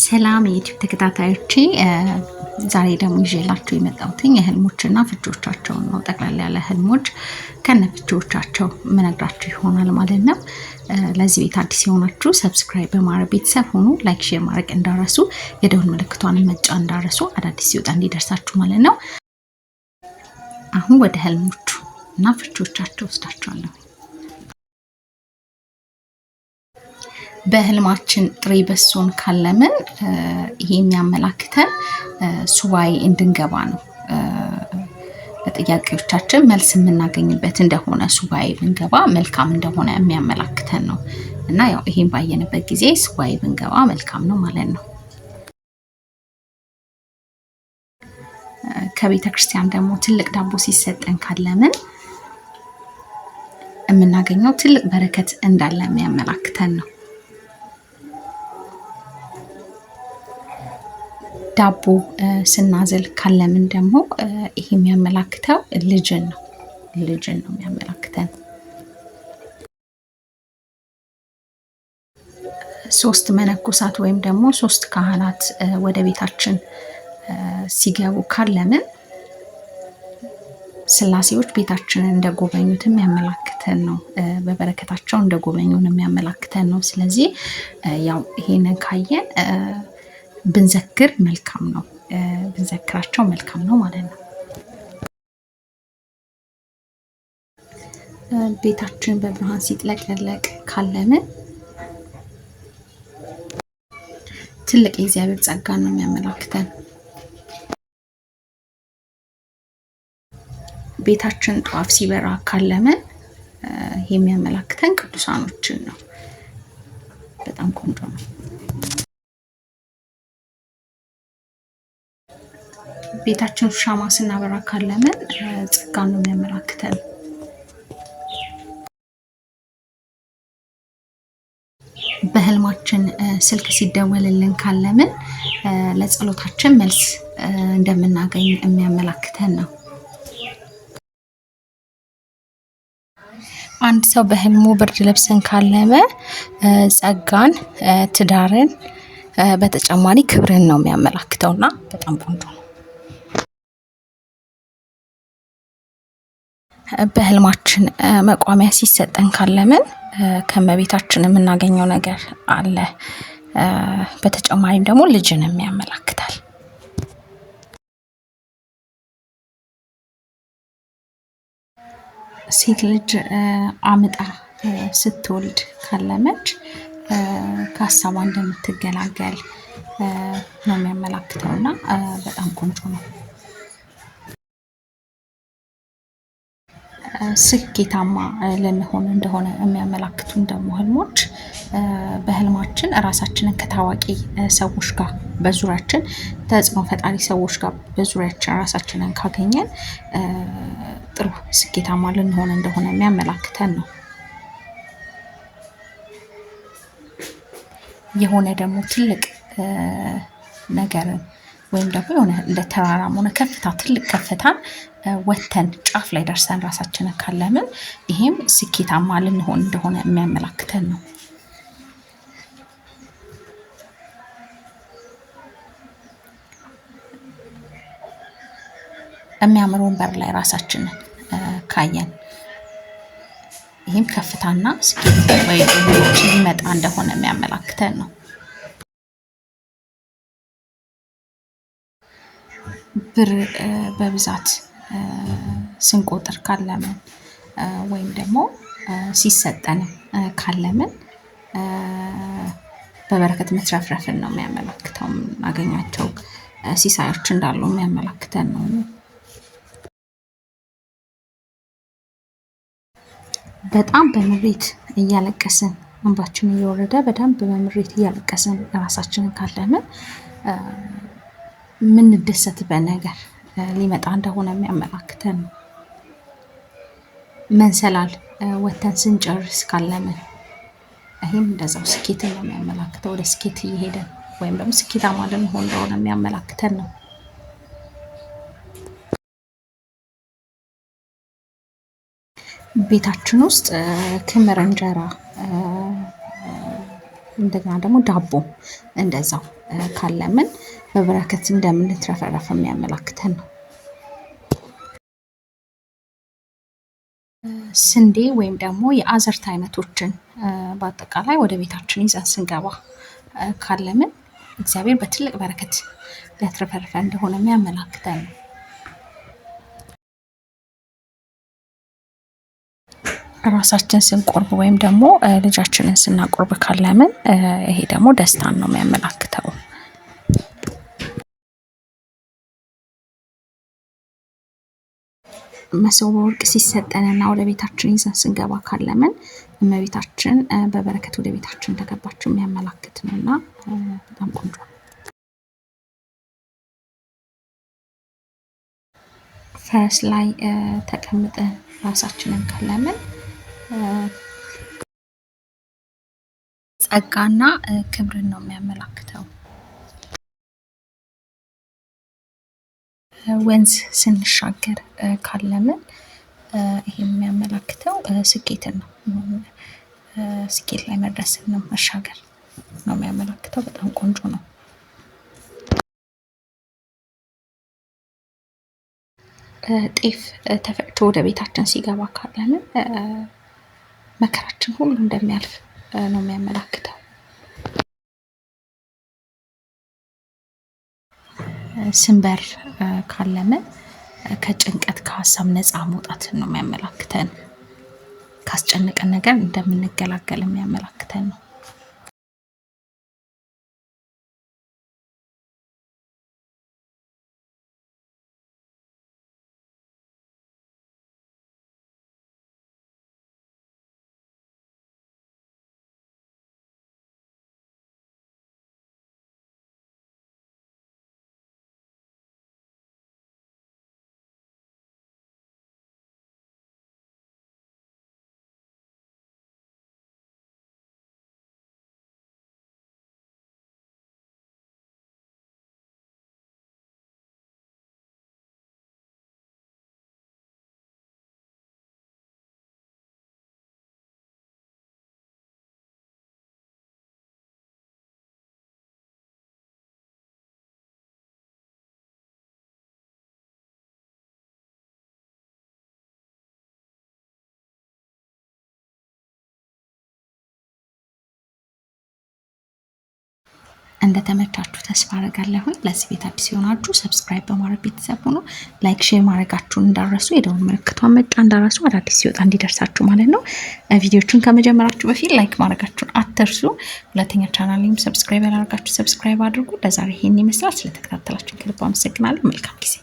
ሰላም የዩቲዩብ ተከታታዮቼ፣ ዛሬ ደግሞ ይዤላቸው የመጣሁትኝ የህልሞችና ፍቺዎቻቸውን ነው። ጠቅላላ ያለ ህልሞች ከነ ፍቺዎቻቸው ምነግራቸው ይሆናል ማለት ነው። ለዚህ ቤት አዲስ የሆናችሁ ሰብስክራይብ በማድረግ ቤተሰብ ሆኑ። ላይክ፣ ሼር ማድረግ እንዳረሱ፣ የደውል ምልክቷን መጫ እንዳረሱ፣ አዳዲስ ሲወጣ እንዲደርሳችሁ ማለት ነው። አሁን ወደ ህልሞቹ እና ፍቺዎቻቸው ወስዳቸዋለሁ። በህልማችን ጥሬ በሶን ካለምን ይሄ የሚያመላክተን ሱባኤ እንድንገባ ነው። ለጥያቄዎቻችን መልስ የምናገኝበት እንደሆነ ሱባኤ ብንገባ መልካም እንደሆነ የሚያመላክተን ነው እና ያው ይሄን ባየንበት ጊዜ ሱባኤ ብንገባ መልካም ነው ማለት ነው። ከቤተ ክርስቲያን ደግሞ ትልቅ ዳቦ ሲሰጠን ካለምን የምናገኘው ትልቅ በረከት እንዳለ የሚያመላክተን ነው። ዳቦ ስናዝል ካለምን ደግሞ ይሄ የሚያመላክተው ልጅን ነው። ልጅን ነው የሚያመላክተን። ሶስት መነኮሳት ወይም ደግሞ ሶስት ካህናት ወደ ቤታችን ሲገቡ ካለምን ስላሴዎች ቤታችንን እንደጎበኙት የሚያመላክተን ነው። በበረከታቸው እንደጎበኙን የሚያመላክተን ነው። ስለዚህ ያው ይሄንን ካየን ብንዘክር መልካም ነው፣ ብንዘክራቸው መልካም ነው ማለት ነው። ቤታችን በብርሃን ሲጥለቅለቅ ካለምን ትልቅ የእግዚአብሔር ጸጋ ነው የሚያመላክተን። ቤታችን ጧፍ ሲበራ ካለምን የሚያመላክተን ቅዱሳኖችን ነው። በጣም ቆንጆ ነው። ቤታችን ሻማ ስናበራ ካለምን ጸጋን ነው የሚያመላክተን። በህልማችን ስልክ ሲደወልልን ካለምን ለጸሎታችን መልስ እንደምናገኝ የሚያመላክተን ነው። አንድ ሰው በህልሙ ብርድ ልብስን ካለመ ጸጋን፣ ትዳርን በተጨማሪ ክብርን ነው የሚያመላክተውና በጣም ቆንጆ ነው። በህልማችን መቋሚያ ሲሰጠን ካለምን ከመቤታችን የምናገኘው ነገር አለ። በተጨማሪም ደግሞ ልጅንም ያመላክታል። ሴት ልጅ አምጣ ስትወልድ ካለመች ከሀሳቧ እንደምትገላገል ነው እና በጣም ቆንጆ ነው። ስኬታማ ልንሆን እንደሆነ የሚያመላክቱን ደግሞ ህልሞች በህልማችን እራሳችንን ከታዋቂ ሰዎች ጋር በዙሪያችን ተጽዕኖ ፈጣሪ ሰዎች ጋር በዙሪያችን ራሳችንን ካገኘን ጥሩ ስኬታማ ልንሆን እንደሆነ የሚያመላክተን ነው። የሆነ ደግሞ ትልቅ ነገርን ወይም ደግሞ የሆነ ለተራራም ሆነ ከፍታ ትልቅ ከፍታን ወተን ጫፍ ላይ ደርሰን ራሳችንን ካለምን ይሄም ስኬታማ ልንሆን እንደሆነ የሚያመላክተን ነው። የሚያምር ወንበር ላይ ራሳችንን ካየን ይህም ከፍታና ስኬት ወይ ሊመጣ እንደሆነ የሚያመላክተን ነው። ብር በብዛት ስንቆጥር ካለምን ወይም ደግሞ ሲሰጠን ካለምን በበረከት መትረፍረፍን ነው የሚያመለክተው የምናገኛቸው ሲሳዮች እንዳሉ የሚያመለክተን ነው። በጣም በምሬት እያለቀስን እንባችን እየወረደ በደንብ በምሬት እያለቀስን ራሳችንን ካለምን የምንደሰትበት ነገር ሊመጣ እንደሆነ የሚያመላክተን ነው። መንሰላል ወተን ስንጨርስ ካለምን ይህም እንደዛው ስኬትን ነው የሚያመላክተው። ወደ ስኬት እየሄደን ወይም ደግሞ ስኬታማ ልንሆን እንደሆነ የሚያመላክተን ነው። ቤታችን ውስጥ ክምር እንጀራ፣ እንደገና ደግሞ ዳቦ እንደዛው ካለምን በበረከት እንደምንትረፈረፍ የሚያመላክተን ነው። ስንዴ ወይም ደግሞ የአዘርት አይነቶችን በአጠቃላይ ወደ ቤታችን ይዘን ስንገባ ካለምን እግዚአብሔር በትልቅ በረከት ሊያትረፈርፈ እንደሆነ የሚያመላክተን ነው። ራሳችን ስንቆርብ ወይም ደግሞ ልጃችንን ስናቆርብ ካለምን ይሄ ደግሞ ደስታን ነው የሚያመላክተው። መሶበ ወርቅ ሲሰጠንና ወደ ቤታችን ይዘን ስንገባ ካለምን እመቤታችን በበረከት ወደ ቤታችን እንደገባች የሚያመላክት ነው እና በጣም ቆንጆ ነው። ፈረስ ላይ ተቀምጠን ራሳችንን ካለምን ጸጋና ክብርን ነው የሚያመላክተው። ወንዝ ስንሻገር ካለምን ይሄ የሚያመላክተው ስኬትን ነው። ስኬት ላይ መድረስን ነው፣ መሻገር ነው የሚያመላክተው። በጣም ቆንጆ ነው። ጤፍ ተፈጭቶ ወደ ቤታችን ሲገባ ካለምን መከራችን ሁሉ እንደሚያልፍ ነው የሚያመላክተው። ስንበር ካለምን ከጭንቀት ከሀሳብ ነፃ መውጣትን ነው የሚያመላክተን። ካስጨነቀን ነገር እንደምንገላገል የሚያመላክተን ነው። እንደተመቻችሁ ተስፋ አረጋለሁኝ። ለዚህ ቤት አዲስ የሆናችሁ ሰብስክራይብ በማድረግ ቤተሰብ ሆኖ ላይክ፣ ሼር ማድረጋችሁን እንዳረሱ፣ የደውን ምልክቷን መጫ እንዳረሱ፣ አዳዲስ ሲወጣ እንዲደርሳችሁ ማለት ነው። ቪዲዮቹን ከመጀመራችሁ በፊት ላይክ ማድረጋችሁን አትርሱ። ሁለተኛ ቻናልም ሰብስክራይብ ያላረጋችሁ ሰብስክራይብ አድርጉ። ለዛሬ ይሄን ይመስላል። ስለተከታተላችሁን ከልብ አመሰግናለሁ። መልካም ጊዜ